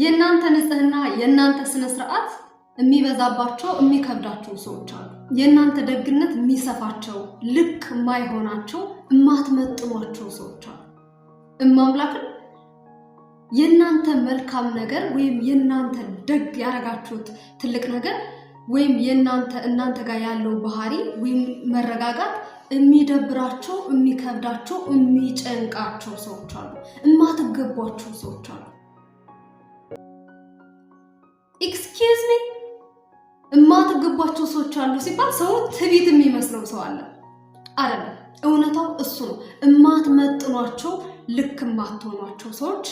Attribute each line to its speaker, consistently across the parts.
Speaker 1: የእናንተ ንጽህና የእናንተ ስነ ስርዓት የሚበዛባቸው የሚከብዳቸው ሰዎች አሉ። የእናንተ ደግነት የሚሰፋቸው ልክ የማይሆናቸው የማትመጥሟቸው ሰዎች አሉ። እማምላክን የእናንተ መልካም ነገር ወይም የእናንተ ደግ ያደረጋችሁት ትልቅ ነገር ወይም የእናንተ እናንተ ጋር ያለው ባህሪ ወይም መረጋጋት የሚደብራቸው፣ የሚከብዳቸው፣ የሚጨንቃቸው ሰዎች አሉ። የማትገቧቸው ሰዎች አሉ። ኤክስኪውዝ ሚ የማትገባቸው ሰዎች አሉ ሲባል ሰው ትዕቢት የሚመስለው ሰው አለ አይደለም። እውነታው እሱ ነው። የማትመጥኗቸው ልክ የማትሆኗቸው ሰዎች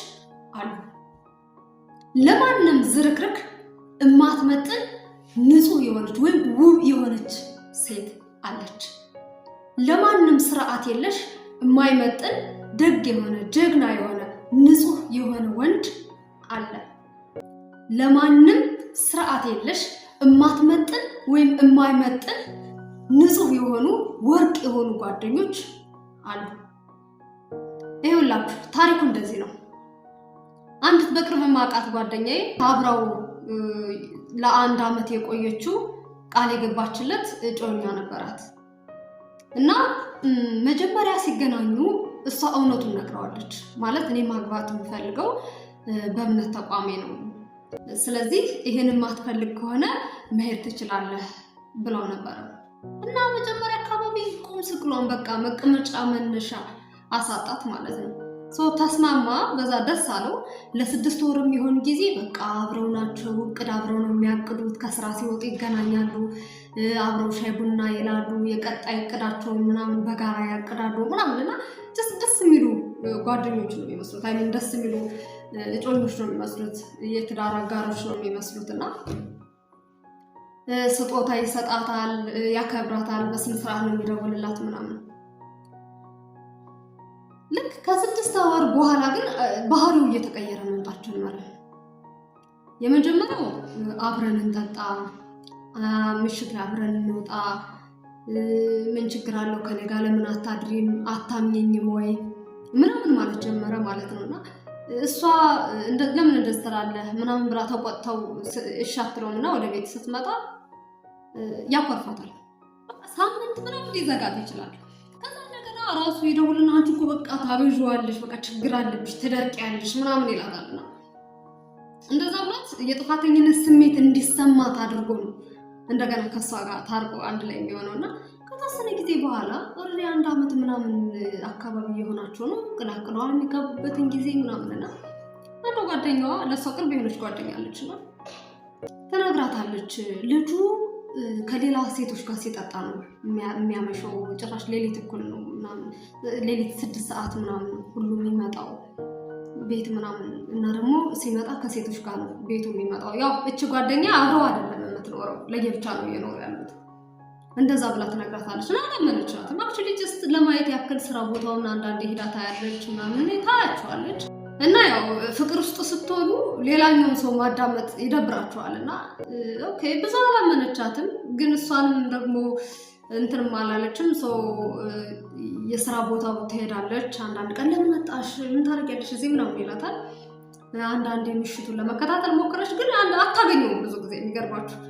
Speaker 1: አሉ። ለማንም ዝርክርክ የማትመጥን ንጹህ የሆነች ወይም ውብ የሆነች ሴት አለች። ለማንም ስርዓት የለሽ የማይመጥን ደግ የሆነ ጀግና የሆነ ንጹህ የሆነ ወንድ አለ። ለማንም ስርዓት የለሽ እማትመጥን ወይም እማይመጥን ንጹህ የሆኑ ወርቅ የሆኑ ጓደኞች አሉ። ይኸውላችሁ ታሪኩ እንደዚህ ነው። አንዲት በቅርብ ማውቃት ጓደኛዬ አብራው ለአንድ ዓመት የቆየችው ቃል የገባችለት እጮኛ ነበራት እና መጀመሪያ ሲገናኙ እሷ እውነቱን ነግረዋለች። ማለት እኔ ማግባት የምፈልገው በእምነት ተቋሜ ነው ስለዚህ ይህን የማትፈልግ ከሆነ መሄድ ትችላለህ ብለው ነበረ እና መጀመሪያ አካባቢ ቁም ስቅሏን በቃ መቀመጫ መነሻ አሳጣት ማለት ነው። ሰው ተስማማ። በዛ ደስ አለው። ለስድስት ወር የሚሆን ጊዜ በቃ አብረው ናቸው። እቅድ አብረው ነው የሚያቅዱት። ከስራ ሲወጡ ይገናኛሉ፣ አብረው ሻይ ቡና ይላሉ። የቀጣይ እቅዳቸውን ምናምን በጋራ ያቅዳሉ ምናምን እና ደስ የሚሉ ጓደኞች ነው የሚመስሉት። አይ ደስ የሚሉ እጮኞች ነው የሚመስሉት። የትዳር አጋሮች ነው የሚመስሉት እና ስጦታ ይሰጣታል፣ ያከብራታል። በስነ ስርዓት ነው የሚደውልላት ምናምን ልክ ከስድስት ወር በኋላ ግን ባህሪው እየተቀየረ መምጣት ጀመረ። የመጀመሪያው አብረን እንጠጣ፣ ምሽት ላይ አብረን እንውጣ፣ ምን ችግር አለው ከኔ ጋር ለምን አታድሪም አታምኘኝም ወይ ምናምን ማለት ጀመረ ማለት ነው እና እሷ ለምን እንደዚህ ትላለህ ምናምን ብላ ተቆጥተው እሺ አትለውም እና ወደ ቤት ስትመጣ ያኮርፋታል። ሳምንት ምናምን ሊዘጋት ይችላል። ራሱ ይደውልና አንቺ እኮ በቃ ታበዥዋለሽ፣ በቃ ችግር አለብሽ፣ ትደርቂያለሽ ምናምን ይላታልና እንደዛ ብሏት የጥፋተኝነት ስሜት እንዲሰማት አድርጎ ነው እንደገና ከሷ ጋር ታርቆ አንድ ላይ የሚሆነው እና ከተወሰነ ጊዜ በኋላ ኦልሬዲ አንድ አመት ምናምን አካባቢ የሆናቸው ነው ቅላቅለዋ የሚጋቡበትን ጊዜ ምናምንና አንዱ ጓደኛዋ ለእሷ ቅርብ የሆነች ጓደኛ አለች ነው ተነግራታለች ልጁ ከሌላ ሴቶች ጋር ሲጠጣ ነው የሚያመሸው። ጭራሽ ሌሊት እኩል ነው ምናምን ሌሊት ስድስት ሰዓት ምናምን ሁሉ የሚመጣው ቤት ምናምን እና ደግሞ ሲመጣ ከሴቶች ጋር ነው ቤቱ የሚመጣው። ያው እች ጓደኛ አብረው አይደለም የምትኖረው ለየብቻ ነው እየኖሩ ያሉት። እንደዛ ብላ ትነግራታለች እና አላመነቻትም። አክቹዋሊ ጀስት ለማየት ያክል ስራ ቦታውን አንዳንድ ሄዳ ታያለች ምናምን ታያቸዋለች። እና ያው ፍቅር ውስጥ ስትሆኑ ሌላኛውን ሰው ማዳመጥ ይደብራችኋል። እና ኦኬ ብዙ አላመነቻትም፣ ግን እሷንም ደግሞ እንትንም አላለችም። ሰው የስራ ቦታ ትሄዳለች። አንዳንድ ቀን ለምን መጣሽ፣ ምን ታደርጊያለሽ እዚህ ምናምን ይላታል። አንዳንዴ ምሽቱን ለመከታተል ሞክረች፣ ግን አታገኘውም ብዙ ጊዜ የሚገርባችሁ።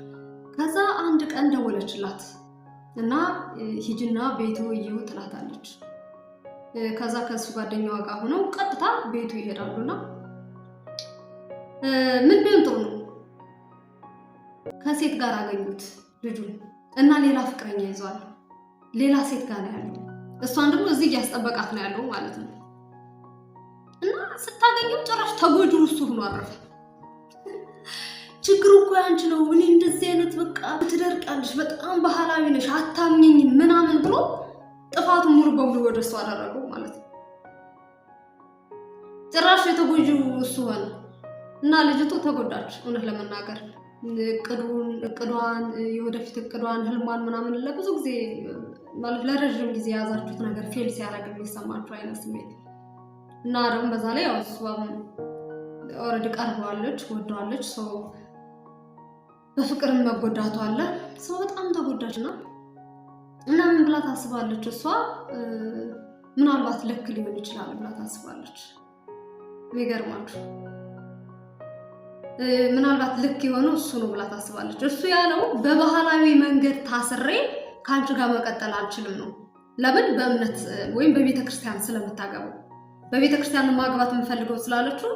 Speaker 1: ከዛ አንድ ቀን ደወለችላት እና ሂጅና ቤቱ እየው ትላታለች። ከዛ ከሱ ጓደኛዋ ጋር ሆነው ቀጥታ ቤቱ ይሄዳሉና ምን ቢሆን ጥሩ ነው? ከሴት ጋር አገኙት ልጁን እና ሌላ ፍቅረኛ ይዟል። ሌላ ሴት ጋር ነው ያለው። እሷን ደግሞ እዚህ እያስጠበቃት ነው ያለው ማለት ነው። እና ስታገኘው ጭራሽ ተጎጂ ውስጡ ሆኖ አረፈ። ችግሩ እኮ ያንቺ ነው። እኔ እንደዚህ አይነት በቃ ትደርቂያለሽ፣ በጣም ባህላዊ ነሽ፣ አታምኝኝም ምናምን ብሎ ጥፋቱን ሙሉ በሙሉ ወደ እሱ አደረገው ማለት ነው። ጭራሽ የተጎጂው እሱ ሆነ እና ልጅቱ ተጎዳች። እውነት ለመናገር እቅዱን እቅዷን የወደፊት እቅዷን ህልሟን ምናምን ለብዙ ጊዜ ማለት ለረዥም ጊዜ የያዛችሁት ነገር ፌል ሲያደርግ የሚሰማችሁ አይነት ስሜት እና ደግሞ በዛ ላይ ያው እሷም ኦልሬዲ ቀርበዋለች፣ ወደዋለች፣ በፍቅርን መጎዳቷ አለ ሰው በጣም ተጎዳች ና እና ምን ብላ ታስባለች? እሷ ምናልባት ልክ ሊሆን ይችላል ብላ ታስባለች። ሚገርማችሁ ምናልባት ልክ የሆነው እሱ ነው ብላ ታስባለች። እሱ ያለው በባህላዊ መንገድ ታስሬ ከአንቺ ጋር መቀጠል አልችልም ነው። ለምን በእምነት ወይም በቤተ ክርስቲያን ስለምታገባው በቤተ ክርስቲያን ማግባት የምፈልገው ስላለችው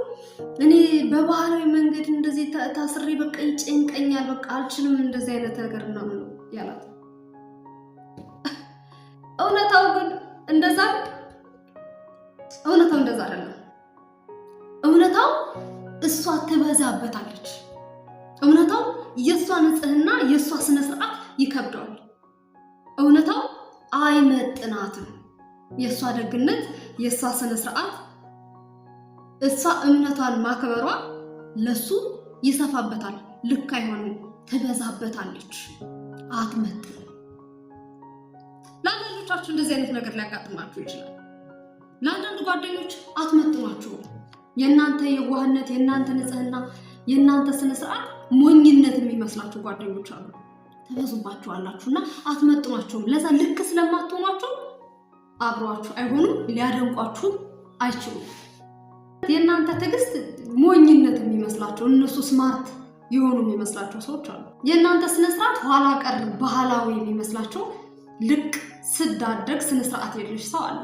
Speaker 1: እኔ በባህላዊ መንገድ እንደዚህ ታስሬ በቃ ይጨንቀኛል፣ በቃ አልችልም እንደዚህ አይነት ነገር ምናምን ያላት እውነታው ግን እንደዛ እውነታው እንደዛ አይደለም። እውነታው እሷ ትበዛበታለች። እውነታው የእሷ ንጽህና፣ የእሷ ስነ ስርዓት ይከብደዋል። እውነታው አይመጥናትም። የእሷ ደግነት፣ የእሷ ስነ ስርዓት፣ እሷ እምነቷን ማክበሯ ለሱ ይሰፋበታል። ልክ አይሆንም። ትበዛበታለች፣ አትመጥንም። አብዛኞቻችሁ እንደዚህ አይነት ነገር ሊያጋጥማችሁ ይችላል። ለአንዳንድ ጓደኞች አትመጥኗችሁ። የእናንተ የዋህነት፣ የእናንተ ንጽህና፣ የእናንተ ስነስርዓት ሞኝነት የሚመስላችሁ ጓደኞች አሉ። ተበዙባቸው አላችሁ እና አትመጥኗቸውም። ለዛ ልክ ስለማትሆኗቸው አብሯችሁ አይሆኑም፣ ሊያደንቋችሁ አይችሉም። የእናንተ ትዕግስት ሞኝነት የሚመስላቸው እነሱ ስማርት የሆኑ የሚመስላቸው ሰዎች አሉ። የእናንተ ስነስርዓት ኋላ ቀር ባህላዊ የሚመስላቸው ልቅ ስዳደግ ስነ ስርዓት የለሽ ሰው አለ።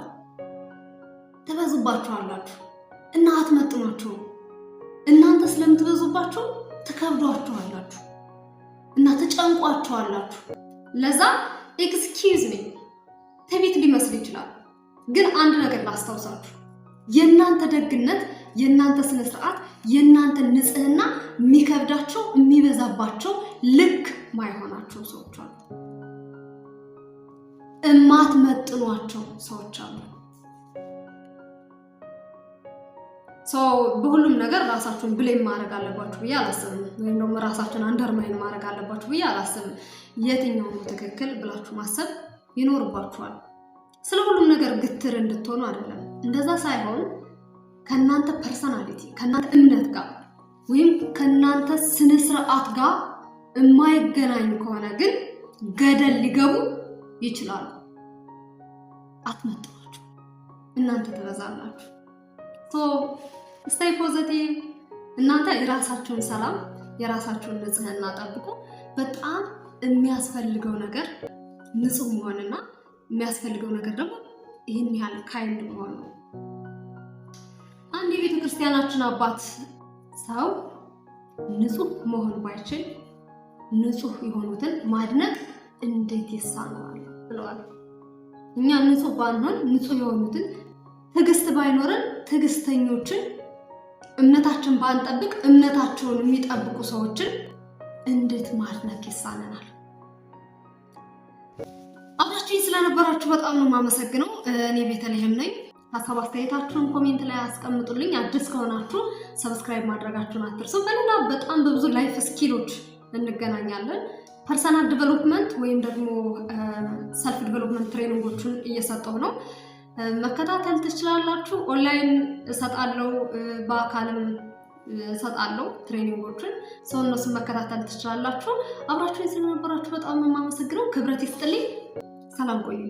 Speaker 1: ትበዙባችኋላችሁ እና አትመጥናችሁ። እናንተ ስለምትበዙባችሁ አላችሁ እና አላችሁ ለዛ ኤክስኪዩዝ ሚ ትዕቢት ሊመስል ይችላል። ግን አንድ ነገር ላስታውሳችሁ፣ የእናንተ ደግነት፣ የእናንተ ስነ ስርዓት፣ የእናንተ ንጽህና የሚከብዳቸው የሚበዛባቸው ልክ ማይሆናቸው ሰዎች አሉ። እማትመጥኗቸው ሰዎች አሉ። ሰው በሁሉም ነገር ራሳችሁን ብሌም ማድረግ አለባችሁ ብዬ አላስብም። ወይም ደግሞ ራሳችሁን አንደርማይን ማድረግ አለባችሁ ብዬ አላስብም። የትኛው ነው ትክክል ብላችሁ ማሰብ ይኖርባችኋል። ስለ ሁሉም ነገር ግትር እንድትሆኑ አይደለም። እንደዛ ሳይሆን ከእናንተ ፐርሰናሊቲ ከእናንተ እምነት ጋር ወይም ከእናንተ ስነስርዓት ጋር የማይገናኝ ከሆነ ግን ገደል ሊገቡ ይችላሉ። አትመጥናችሁ፣ እናንተ ትበዛላችሁ። ስታይ ፖዘቲቭ። እናንተ የራሳችሁን ሰላም የራሳችሁን ንጽህና ጠብቁ። በጣም የሚያስፈልገው ነገር ንጹህ መሆንና የሚያስፈልገው ነገር ደግሞ ይህን ያህል ካይንድ መሆን ነው። አንድ የቤተ ክርስቲያናችን አባት ሰው ንጹህ መሆን ባይችል ንጹህ የሆኑትን ማድነቅ እንዴት ይሳነዋል? ብለዋል። እኛ ንጹህ ባንሆን ንጹህ የሆኑትን ትዕግስት ባይኖረን ትዕግስተኞችን እምነታችን ባንጠብቅ እምነታቸውን የሚጠብቁ ሰዎችን እንዴት ማድነቅ ይሳነናል? አብራችሁኝ ስለነበራችሁ በጣም ነው የማመሰግነው። እኔ ቤተልሔም ነኝ። ሀሳብ አስተያየታችሁን ኮሜንት ላይ አስቀምጡልኝ። አዲስ ከሆናችሁ ሰብስክራይብ ማድረጋችሁን አትርሱ። በሌላ በጣም በብዙ ላይፍ ስኪሎች እንገናኛለን። ፐርሰናል ዲቨሎፕመንት ወይም ደግሞ ሰልፍ ዲቨሎፕመንት ትሬኒንጎችን እየሰጠው ነው። መከታተል ትችላላችሁ። ኦንላይን እሰጣለው፣ በአካልም እሰጣለው ትሬኒንጎችን። ሰው እነሱን መከታተል ትችላላችሁ። አብራችሁን ስለነበራችሁ በጣም የማመሰግነው። ክብረት ይስጥልኝ። ሰላም ቆዩ።